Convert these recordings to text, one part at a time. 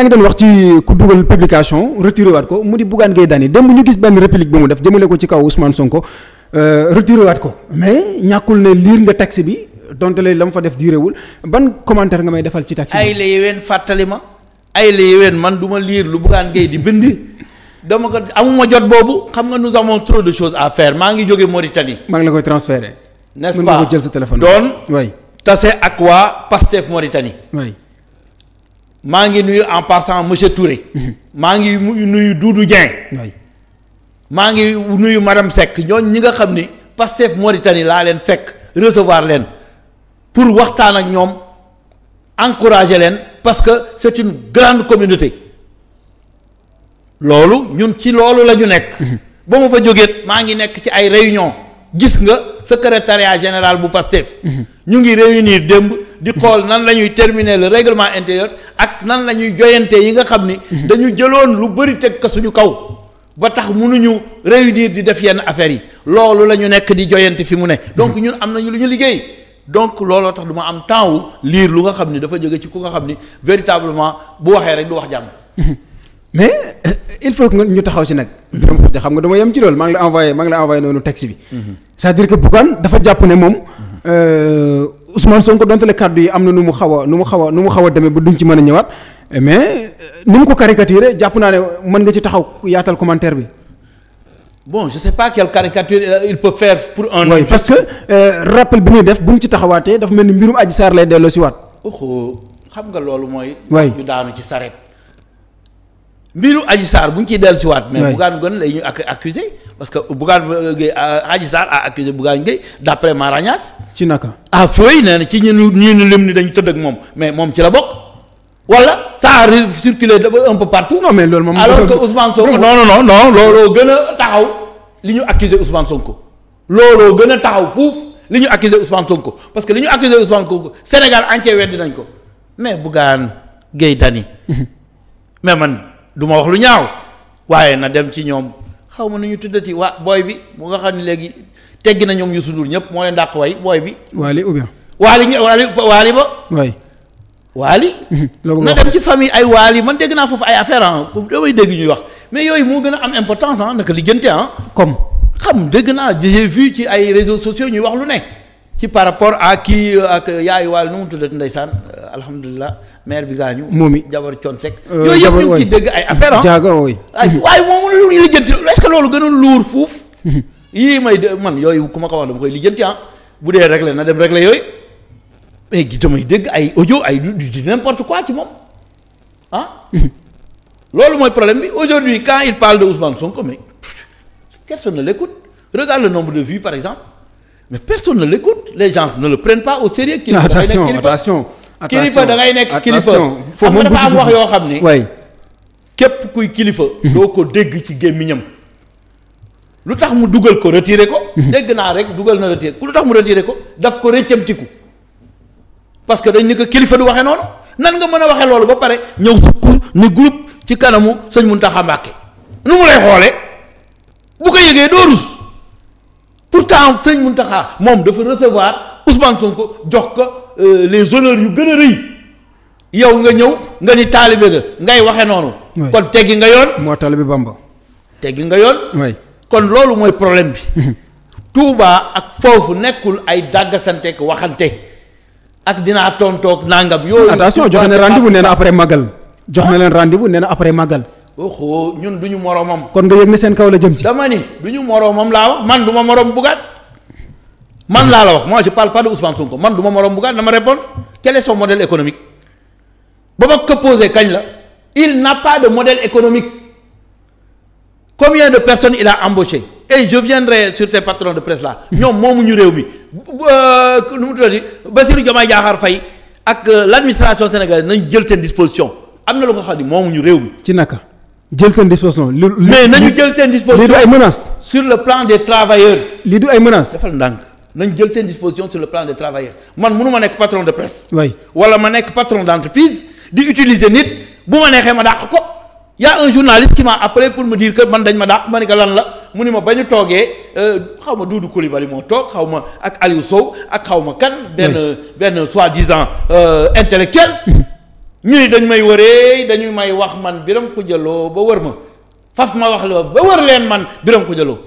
yaa ngi doon wax ci ku dugal publication retiré waat ko mu di Bougane Gueye Dany démb ñu gis benn réplique bi mu def jëmale ko ci kaw Ousmane Sonko euh, retiré waat ko mais ñàkkul ne liir nga taxi bi donte la mu fa def diiréwul ban commentaire nga may defal ci taxi bi. ay la fàttali ma ay la yeween man du ma liir lu Bougane Gueye di bind dama ko amuma jot boobu xam nga nous avons trop de choses à maa ngi jóge Mauritanie. maa ngi la koy transféré. n ce pas sa téléphone. doon oui tase ak waa Pastef maa ngi nuyu en passant monsieur Touré. maa ngi nuyu Doudou Dieng. maa ngi nuyu madame Seck ñooñ ñi nga xam ni Pastef Mauritanie laa leen fekk recevoir leen pour waxtaan ak ñoom encourager leen parce que c'est une grande communauté loolu ñun ci loolu la ñu nekk. ba ma fa jógee maa ngi nekk ci ay réunion gis nga secrétariat général bu PASTEF. Mhm. ñu ngi réunir démb. di xool nan la ñuy terminer le règlement intérieur ak nan la ñuy joyante yi nga xam ni. Mhm. dañu jëloon lu bëri teg ko suñu kaw. ba tax mënuñu réunir di def yenn affaires yi loolu la ñu nekk di joyante fi mu ne. donc mhm. ñun am nañu lu ñu liggéey. donc looloo tax du ma am temps wu lire lu nga xam ni dafa jóge ci ku nga xam ni véritablement bu waxee rek du wax jàmm. mais euh, il faut que ñu taxaw si nag. Birame Khoutia xam nga dama yem ci loolu maa ngi la envoyé maa ngi la envoyé noonu texte bi. c'est-à-dire que Bougane dafa jàpp ne moom. Euh, Ousmane Sonko donte le kàddu yi am na nu mu xaw nu mu xaw nu mu xaw a demee ba duñ ci mën a ñëwaat mais euh, ni mu ko caricaturé jàpp naa ne mën nga ci taxaw yaatal commentaire bi. bon je sais pas quelle caricature il peut pour un. oui parce que rappel bi muy def bu mu ci taxawaatee dafa mel ni mbirum Adji saar lay delloo si waat. xam nga loolu mooy. waay ñu daanu ci sareet. mbiru Adji Sarr bu ñu ciy dellusiwaat. mais Bougane Gueye lay ñu accusé parce que Bougane euh, Gueye euh, Adji Sarr a accusé Bougane Gueye d'après Mara ci naka ah fooy nee na ci ñu ñu ñu lim ni dañu tëdd ak moom mais moom ci la bokk. wala ça a circulé un peu partout. non mais loolu moom alors que looloo gën a taxaw li ñu accusé Ousmane ko looloo gën a taxaw fuuf li ñu accusé Ousmane ko parce que li ñu accusé Ousmane Sonko Sénégal entier weddi nañ ko mais Bougane Gueye Dany mais man. du ma wax lu ñaaw waaye na dem ci ñoom xaw ma nu ñu tuddati waa booy bi mu nga xam ne léegi teggi na ñoom Youssou Ndour ñëpp moo leen dàq way booy bi. waali ou bien. waali ñu waali waali ba. waay. waali. na dem ci famille ay waali man dégg naa foofu ay affaire ah damay dégg ñuy wax mais yooyu moo gën a am importance ah naka li gënte ah. comme xam dégg naa j'ai vu ci ay réseaux sociaux ñuy wax lu ne. ci par rapport à kii euh, ak yaay waal nu mu tuddati ndeysaan euh, alhamdulilah maire bi gaañu. moom it jabar coon euh, yooyu yëpp ñu ngi ciy dégg ay affaire ah jaaga ooy. waaye moom lu lijjanti est-ce que loolu gën a luur fuuf. yii may de man yooyu ku ma ko wax dama koy lijjanti ah bu dee réglé na dem réglé yooyu mais gi damay dégg ay ojo ay du n'importe quoi ci moom ah. loolu mooy problème bi aujourd'hui quand il parle de Ousmane Sonko mais personne ne l'écoute regarde le nombre de vues par exemple. mais personne ne l'écoute les gens ne le prennent pas au sérieux kilifa attention attention kilifa da ngay nekk kilifa xam nga dafa am wax yoo xam ne way képp kuy kilifa mhm. doo ko dégg ci gémmiñam lu tax mu dugal ko retire ko mhm. dégg naa rek dugal na retiré ku lu tax mu retiré ko daf ko rëccamtiku parce que dañ ni ko kilifa du waxee noonu nan nga mën a waxee loolu ba pare ñëw sukk ni groupe ci kanamu sëñ Mountakha Mbacké nu mu lay xoolee bu ko yëgee doo rus pourtant sëñ taxa moom dafa recevoir Ousmane ko jox ko euh, les honneurs yu gën a rëy yow nga ñëw nga ni taalibe nga ngay waxe noonu. kon teggi nga yoon. moo taalibe Bamba. teggi nga yoon. kon loolu mooy problème bi. Mhm. Touba ak foofu nekkul ay dàggasanteeg waxante ak dinaa tontoog nangam. yooyu attention jox na leen rendez-vous nee na après jox na leen rendez-vous nee après Magal. oxo ñun du ñu moroomam. kon nga yëg ne seen kaw la jëm si. dama ni du moroomam laa wax man du ma moroom bugaat man laa la wax moi je parle pas de Ousmane Sonko man du ma moroom bugaat dama répondre quel est son économique ba ma ko kañ la il n'a pas de modèle économique combien de personnes il a embauché et je viendrai sur ces patrons de presse là ñoom moomu ñu réew mi euh, nu mu tuddati Bassirou Diomaye Diakhar Faye ak euh, l'administration sénégalaise nañ jël seen disposition am na lu ko xam réew mi ci naka. jël seen disposition. li mais nañu jël seen disposition. lii du ay menaces. sur le plan des travailleurs. li du ay menaces. defal ndànk nañ jël seen disposition sur le plan des travailleurs man mënu ma nekk patron de presse. oui wala ma nekk patron d' entreprise di utiliser nit bu ma neexee ma dàq ko y' a un journaliste qui m'a appelé pour me dire que man dañ ma dàq ma ne lan la mu ni ma ba bañu toogee euh, xaw ma Doudou Coulibaly moo toog xaw ma ak Aliou Sow ak xaw ma kan. benn benn soi-disant euh, intellectuel. ñu ni dañ may wëree dañuy may wax man biram xujaloo ba wër ma faf ma wax loo ba wër leen man biram xujaloo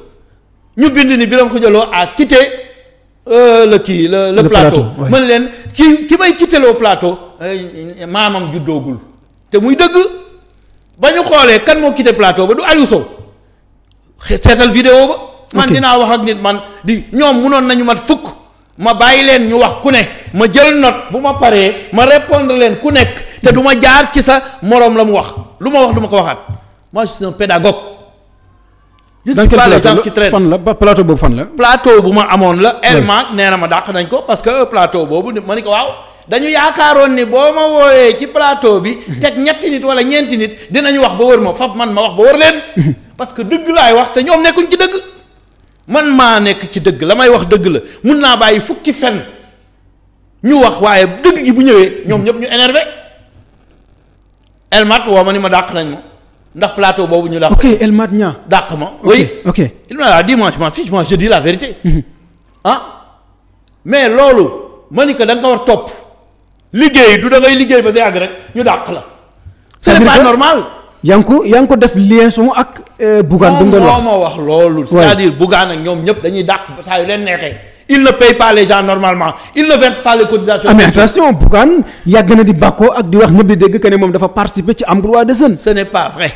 ñu bind ni biram xujaloo a quitté euh, la kii la le plateau mën leen ki ki may quitté le plateau maamam juddoogul te muy dëgg ba ñu xoolee kan moo quitté plateau ba du Aliou seetal vidéo ba man dinaa wax ak nit man di ñoom munoon nañu mat fukk ma bàyyi leen ñu wax ku ne ma jël note bu ma paree ma répondre leen ku nekk te du ma jaar ci sa moroom la mu wax lu ma wax du ko waxaat moi je suis un pédagogue. je ne suis pas les gens qui traînent boobu fan la. plateau bu ma amoon la. Elma nee ma dàq nañ ko parce que plateau boobu ma ni ko waaw. dañu yaakaaroon ni boo ma wooyee ci palaato bi. teg ñetti nit wala ñeenti nit dinañu wax ba wër ma faf man ma wax ba wër leen. parce que dëgg laay wax te ñoom nekkuñ ci dëgg. man maa nekk ci dëgg la may wax dëgg la mun naa bàyyi fukki fen ñu wax waaye dëgg gi bu ñëwee ñoom ñëpp ñu énervé elmat woo ma ni ma dàq nañ ma ndax plateau boobu ñu dàq ok elmat ñaa dàq ma oui ok il m'a dit ah, moi je m'en fiche moi je dis la vérité mhm. ah mais loolu ma ni que da ko war topp liggéey du da ngay liggéey ba sa yàgg rek ñu dàq la c'est pas normal yaa ngi ko yaa ngi ko def liaison ak. Eh, Bougane bi loolu. c'est-à-dire Bougane ak ñoom ñëpp dañuy dàq saa yu leen neexee. il ne paye pas les gens normalement il ne verse pas les cotisations. Ah, mais attention Bougane yàgg na di bàkkoo ak di wax ñëpp dégg que ne moom dafa participer ci emploi des jeunes. ce n'est pas vrai.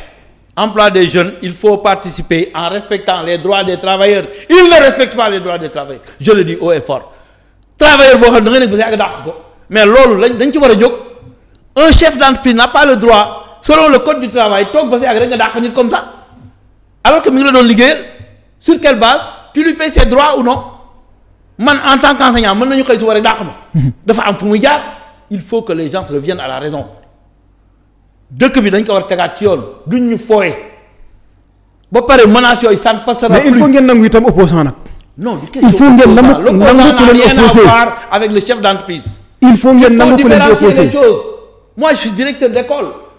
emploi des jeunes il faut participer en respectant les droits des travailleurs il ne respecte pas les droits des travailleurs je le dis a jóg selon le code du travail toog ba si ak rek nga dàq nit comme ça alors que mi ngi la doon liggéeyal sur quelle base tu lui payes ses droits ou non man en tant qu'enseignant mën nañu xëy su waree dàq ma dafa am fu muy jaar il faut que les gens reviennent à la raison dëkk bi dañ ko war tegaat ci yoon duñ ñu fooye ba pare menaces yooyu ça ne passera mais il faut ngeen nangu itam opposant nag non il faut ngeen nangu nangu ku leen opposé avec le chef d'entreprise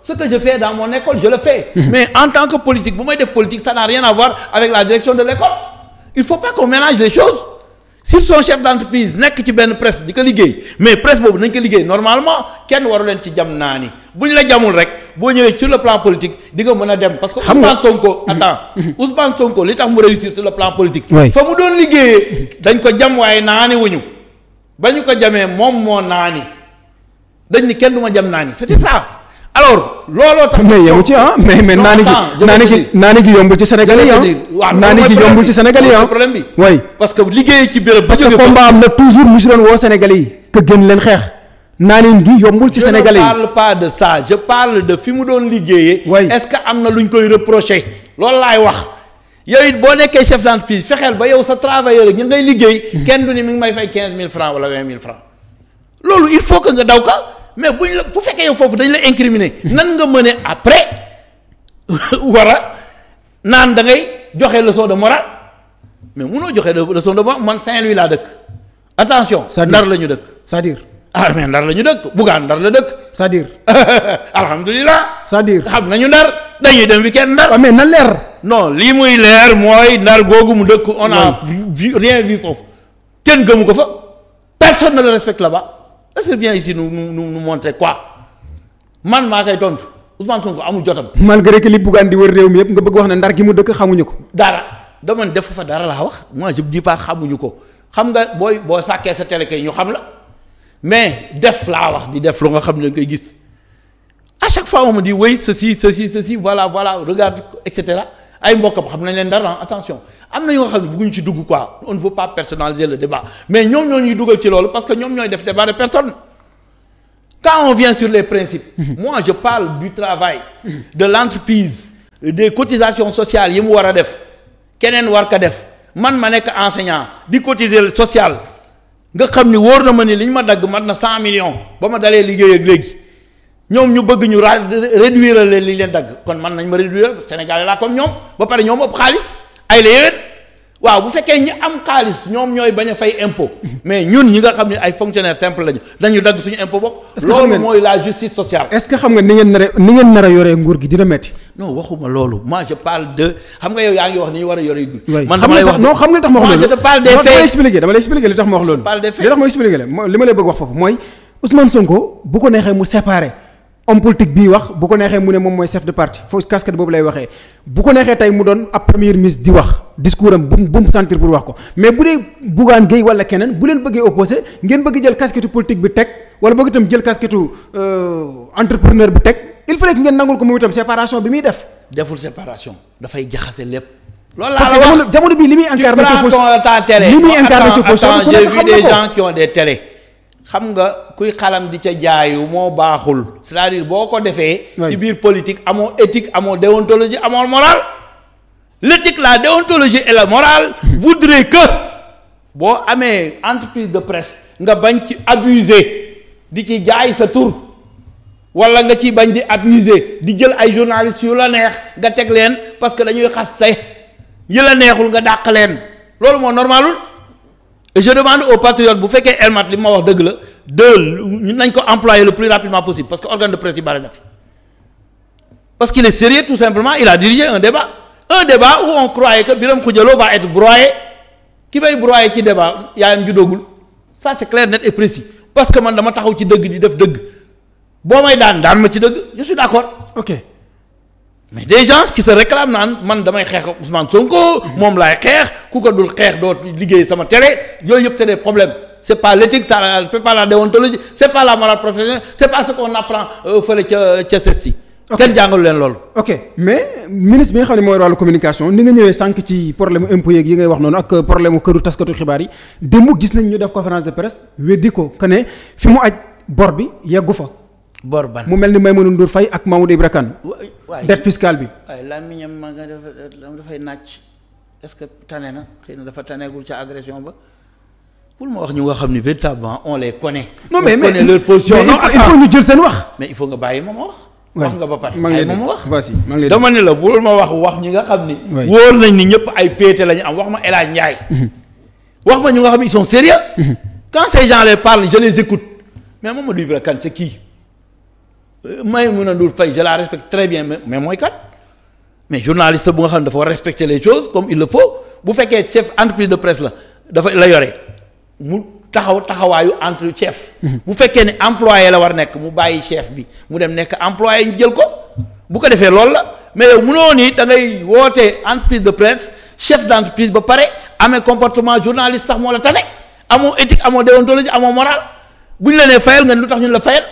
ce que je fais dans mon école je le fais. Mhm. mais en tant que politique bu may def politique ça n'a rien à voir avec la direction de l'école il faut pas qu'on mélange les choses s'ils sont chefs d'entreprise nekk ci benn presse di ko liggéey mais presse boobu nañ ko liggéey normalement kenn waru leen ci jam naa ni bu ñu la jamul rek boo ñëwee sur le plan politique di nga mën a dem parce que Ousmane Sonko mhm. attends mhm. Ousmane Sonko li tax mu réussir sur le plan politique fa mu doon liggéeyee dañ ko jam waaye naani wuñu ba ñu ko jamee moom moo naani dañ ni kenn du ma jam naani c'était ça alors looloo tax mais yow ci ah mais mais naani gi naani gi naani gi yombul ci Sénégal yi ah naani gi yombul ci Sénégal yi ah problème parce que liggéey ci béréb parce que combat am na toujours mu si doon woo Sénégal yi que gën leen xeex naaneen gi yombul ci Sénégal yi je ne parle pas de ça je parle de fi mu doon liggéeyee oui est-ce que am na lu ñu koy reprocher loolu laay wax boo nekkee chef d'entreprise fexeel ba yow sa travailleur ak ñu ngay liggéey kenn du ni mi ngi may fay quinze mille francs wala vingt mille francs loolu il mais buñ la bu fekkee yow foofu dañu la incriminer nan nga mën a après war naan da ngay joxe leçon de morale mais munoo joxe leçon de morale man Saint-Louis laa dëkk attention. ndar la ñu dëkk. sa à dire ah mais ndar la ñu dëkk Bougane ndar la dëkk. c'est-à-dire. alhamdulilah. cest dire xam nañu ndar dañuy dem week-end ndar. Ah, mais na leer. non lii muy leer mooy ndar googu mu dëkk. on a vu rien vu foofu. kenn gëmu ko fa personne na le respecte là-bas. est-ce qu'il vient ici nous quoi man maa koy tontu Ousmane Sonko amul jotam. malgré que li Bougane di wër réew mi yëpp nga bëgg wax ne ndar gi mu dëkk xamuñu ko. dara dama def defu fa dara laa wax moi je di paa xamuñu ko xam nga booy boo sàkkee sa télé kay ñu xam la mais def laa wax di def lu nga xam ne dañ koy gis à chaque fois on me dit oui ceci ceci ceci voilà voilà regarde et cetera ay mbokkam xam nañ leen dara attention. am na yoo xam ne bëgguñu ci dugg quoi on ne veut pas personnaliser le débat mais ñoom ñoo ñuy dugal ci loolu parce que ñoom ñooy def débat de personne quand on vient sur les principes mois je parle du travail de l'entreprise des cotisation sociales yi mu war a def keneen war ko def man ma nekk enseignant di cotiser social nga xam ni wóor na ma ni li ñu ma dagg man na cent millions ba ma dalee liggéey ak léegi ñoom ñu bëgg ñu réduire leen li leen dagg kon man nañ ma réduire Sénégal laa comme ñoom ba pare ñoom ëpp xaalis ay la yéwén waaw bu fekkee ñi am xaalis ñoom ñooy bañ a fay impôt mais ñun ñi nga xam ne ay fonctionnaire simple lañu dañu dagg suñu impôt bokk. loolu mooy la a a yoree parle de xam nga yaa ngi wax ni ñu war a yore nguur. man dama lay nga li tax ma wax loolu. dama lay expliquer dama lay expliquer li tax ma wax loolu. li tax ma expliquer la li ma lay bëgg wax foofu mooy Ousmane Sonko bu ko neexee mu séparé homme politique bii wax bu ko neexee mu ne moom mooy chef de parti foofu casquette boobu lay waxee bu ko neexee tey mu doon ab premier ministre di wax discours am bu mu sentir pour wax ko mais bu dee Bougane Gueye wala keneen bu leen bëggee opposé ngeen bëgg jël casquette politique bi teg wala bëgg itam jël casquette euh, entrepreneur bi teg il fa que ngeen nangul ko moom itam séparation bi muy def. deful séparation dafay jaxase lépp. loolu laa la li muy incarné ci opposition li muy incarné ci opposition. j'ai vu des gens qui ont xam nga kuy xalam di ca jaayu moo baaxul c'est-à-dire boo ko defee ci biir politique amoo éthique amoo déontologie amoo morale l'éthique la déontologie et la morale hmm. voudrait que boo amee entreprise de presse nga bañ ci abuser di ci jaay sa tur wala nga ci bañ di abuser di jël ay journalistes yu la neex nga teg leen parce que dañuy xaste yi la neexul nga dàq leen loolu moo normalul et je demande aux patriotes bu fekkee Elmat li ma wax dëgg la de nañ ko employer le plus rapidement possible parce que organe de presse yi bari na fi parce qu'il est sérieux tout simplement il a dirigé un débat un débat où on croyait que Birame Khoudia Lo va être broyé ki may broyé ci débat yaayam ju doogul ça c'est clair net et précis parce que man dama taxaw ci dëgg di def dëgg boo may daan daan ma ci dëgg je suis d'accord ok mais des gens qui se réclament naan man damay xeex ak Ousmane Sonko. moom laay xeex ku ko dul xeex doo liggéey sama télé yooyu yëpp c'est des problèmes c'est pas l'éthique ça c'est pas la déontologie c'est pas la morale professionnelle c'est pas ce qu'on apprend euh, fële ca ca CESTI. kenn jàngalu leen loolu. ok mais ministre bi nga xam ne mooy wàllu communication ni nga ñëwee sànq ci problème impôt yeeg yi ngay wax noonu ak euh, problème këru taskatu xibaar yi démb gis nañ def conférence de presse weddi ko ne fi mu aj bor bi yeggu fa. bor ban mu mel ni Maimouna Ndour Faye ak Mamadou Ibra Kane. waay dette fiscale bi. waay làmmiñam ma nga dafay nàcc est-ce que tane na xëy na dafa taneegul ca agression ba. pour ma wax ñu nga xam ni véritablement on les connaît. non mais mais seen wax. mais il faut nga bàyyi ma ma wax. wax nga ba pare ma ma wax. dama ne la bul ma wax wax ñi nga xam ni. wóor nañ ni ñëpp ay péete la am wax ma El Hadj wax ma ñu nga xam ni ils sont sérieux quand ces gens les parlent les écoute mais Mamadou Ibra Kane c'est qui. Maïmouna Ndour Faye je la respecte très bien mais mooy kat mais journaliste bu nga xam ne dafa war respecter les choses comme il le faut bu fekkee chef entreprise de presse la dafa la yore mu taxaw taxawaayu entre chef. bu fekkee ne employé la war nekk mu bàyyi chef bi mu dem nekk employé ñu jël ko bu ko defee lool la mais yow mënoo nii da ngay woote entreprise de presse chef d' entreprise ba pare amee comportement journaliste sax moo la tane amoo éthique amoo déontologie amoo moral bu ñu la fayal nga lu tax ñu la fayal.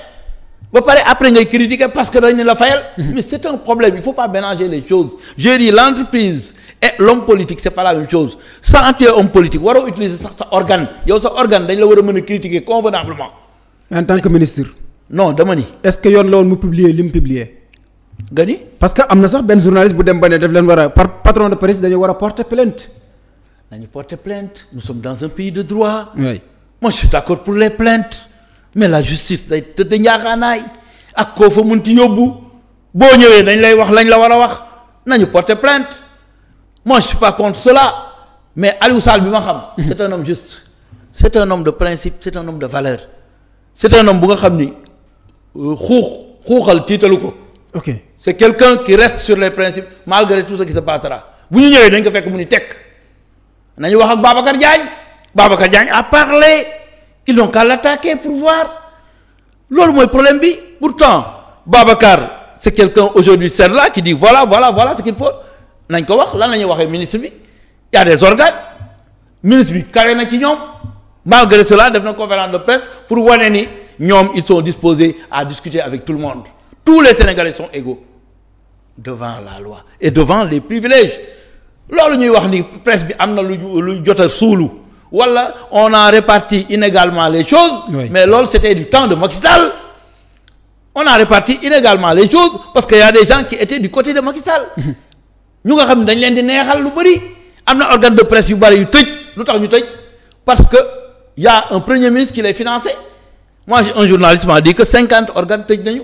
ba pare après ngay critiquer parce que dañu la fayal. Mhm. mais c'est un problème il faut pas mélanger les choses je dis l'entreprise et l'homme politique c'est pas la même chose sans homme politique waroo utiliser sax sa organe yow sa organe dañ la war a mën a critiquer convenablement. en tant que ministre. non dama ni. est-ce que yoon la woon mu publier li mu publier. nga ni parce que am na sax benn journaliste bu dem ba ne daf leen war par patron de presse dañoo war a porter plainte. nañu porter plainte nous sommes dans un pays de droit. oui moi je suis d'accord pour les plaintes. mais la justice day tëdd njaaxaanaay ak koo fa munti yóbbu boo ñëwee dañ lay wax lañ la war a wax nañu porter plainte moi je suis pas contre cela mais Aliou Sall bi ma xam. c'est un homme juste c'est un homme de principe c'est un homme de valeur c'est un homme bu nga xam ni euh, xuux xuuxal tiitalu ko. ok c'est quelqu'un qui reste sur les principes malgré tout ce qui se passera bu ñu ñëwee dañ ko fekk mu ni tekk nañu wax ak Babacar Diagne Babacar Diagne a parlé. ils n'ont qu'à l'attaquer pour voir loolu mooy problème bi pourtant Babacar c'est quelqu'un aujourd'hui c'est là qui dit voilà voilà voilà ce qu'il faut nañ ko wax lan la ñuy waxee ministre bi y a des organes ministre bi carré na ci ñoom malgré cela def na conférence de presse pour wane ni ñoom ils sont disposés à discuter avec tout le monde tous les Sénégalais sont égaux devant la loi et devant les privilèges loolu ñuy wax ni presse bi am na lu lu jot a suulu wala on a réparti inégalement les choses. Oui. mais loolu c'était du temps de Macky Sall. on a réparti inégalement les choses parce que y des gens qui étaient du côté de Macky Sall. ñu nga xam dañ leen di neexal lu bëri. am na organe de presse yu bëri yu tëj lu tax ñu tëj parce que y un premier ministre qui les financé moi un journaliste m'a dit que cinquante organes tëj nañu.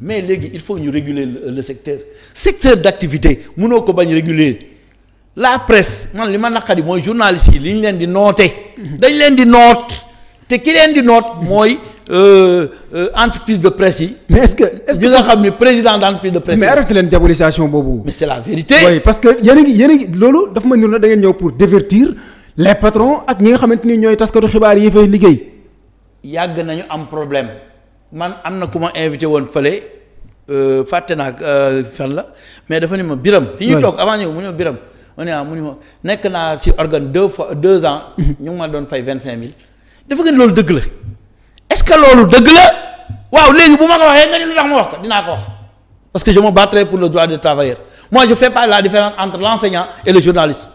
mais léegi il faut ñu réguler le secteur secteur d'activité munoo ko bañ réguler. la presse man li ma naqari mooy journaliste yi li ñu leen di noote dañ leen di noot te ki leen di noot mooy euh, euh, entreprise de presse yi. mais est-ce que est xam ni président d'entreprise de presse mais arrêté leen diabolisation boobu. mais c'est la vérité. oui parce que yéen a ngi yéen a loolu dafa ma niru na da ngeen ñëw pour divertir les patrons ak ñi nga xamante ni ñooy taskatu xibaar yi fay liggéey. yàgg nañu am problème man am na ku ma invité woon fële euh, fàtte naa fan la mais dafa ni ma biram fi ñu toog avant ñëw mu ñëw biram ma ne ah mu ni ma nekk naa ci organe deux fois deux ans. ñu ma doon fay vingt cinq mille. dafa gën loolu dëgg la est-ce que loolu dëgg la waaw léegi bu ma ko waxee nga ni lu tax ma wax ko dinaa ko wax parce que je me battrai pour le droit des travailleurs moi je fais pas la différence entre l'enseignant et le journaliste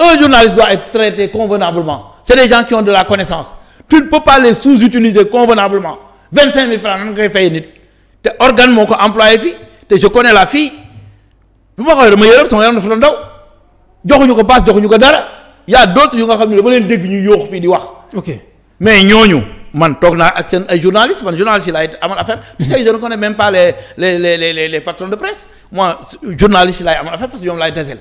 un journaliste doit être traité convenablement c'est des gens qui ont de la connaissance tu ne peux pas les sous-utiliser convenablement vingt cinq mille ngay fay nit te organe moo ko employé fii te je la fille bu ma ko waxee dama yërëm joxuñu ko paas joxuñu ko dara yaa d'autres yu nga xam ne dama leen dégg ñu yoox fii di wax. ok mais ñooñu. man toog naa ak seen ay journalistes man journaliste yi laay amal affaire tu sais je ne connais même pas les parce que ñoom laay taseel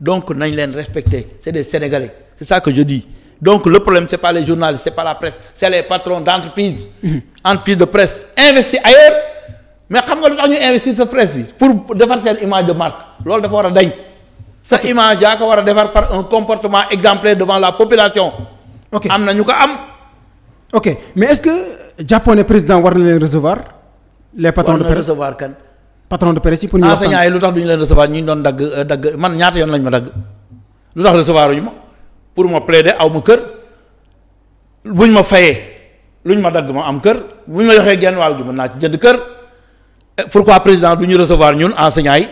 donc nañ leen respecter c'est des Sénégalais c'est ça que je dis donc le problème c'est pas les journalistes c'est pas la presse c'est les patrons d'entreprise mm-hmm. de presse investir ailleurs mais xam nga lu tax ñu investir sa presse bi pour defar seen image de marque loolu dafa war a dañ sa image yaa ko war a defar par un comportement exemplaire devant la population. ok am na ñu ko am. ok mais est-ce que jàppoon ne président war na leen recevoir. les patrons de presse kan. patron de presse yi pour ñu waxtaan enseignants yi lu tax du ñu leen recevoir ñu doon dagg euh, dagg man ñaata yoon lañ ma dagg lu tax recevoir ñu ma pour ma plaider aw ma kër buñ ma fayee ñu ma dagg ma am kër ñu ma joxee genn wàll gi mën naa ci jënd kër eh, pourquoi président du ñu recevoir ñun enseignants yi.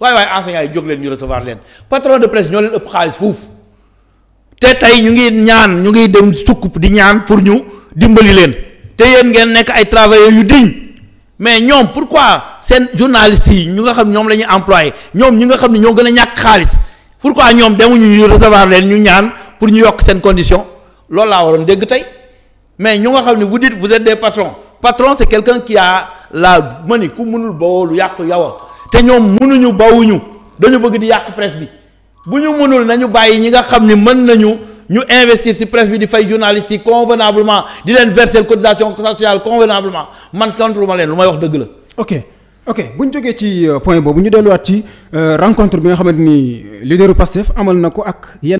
waaye waaye enseignants ay jóg leen ñu recevoir leen patron de presse ñoo leen ëpp xaalis fuuf te tey ñu ngi ñaan ñu ngi dem sukk di ñaan pour ñu dimbali leen te yéen ngeen nekk ay travailleurs yu diñ mais ñoom pour quoi seen journalistes yi ñu nga xam ñoom la ñuy employé ñoom ñi xam ne ñoo gën a ñàkk xaalis pourquoi ñoom demuñu ñu recevoir leen ñu ñaan pour ñu yokk seen condition loolu laa waroon dégg tey mais ñu nga xam ne vous dites vous êtes des patrons patron c'est quelque qui a la ma ni ku mënul boolu yàqu yawa te ñoom mënuñu bawuñu dañu bëgg di yàq presse bi bu ñu mënul nañu bàyyi ñi nga xam ni mën nañu ñu investir ci presse bi di fay journalistes yi convenablement di leen verser cotisation sociale convenablement man tontuwuma leen lu may wax dëgg la. ok ok bu ñu jógee ci euh, point boobu ñu delluwaat ci euh, rencontre bi nga xamante ni leaderu Pastef amal na ko ak yenn.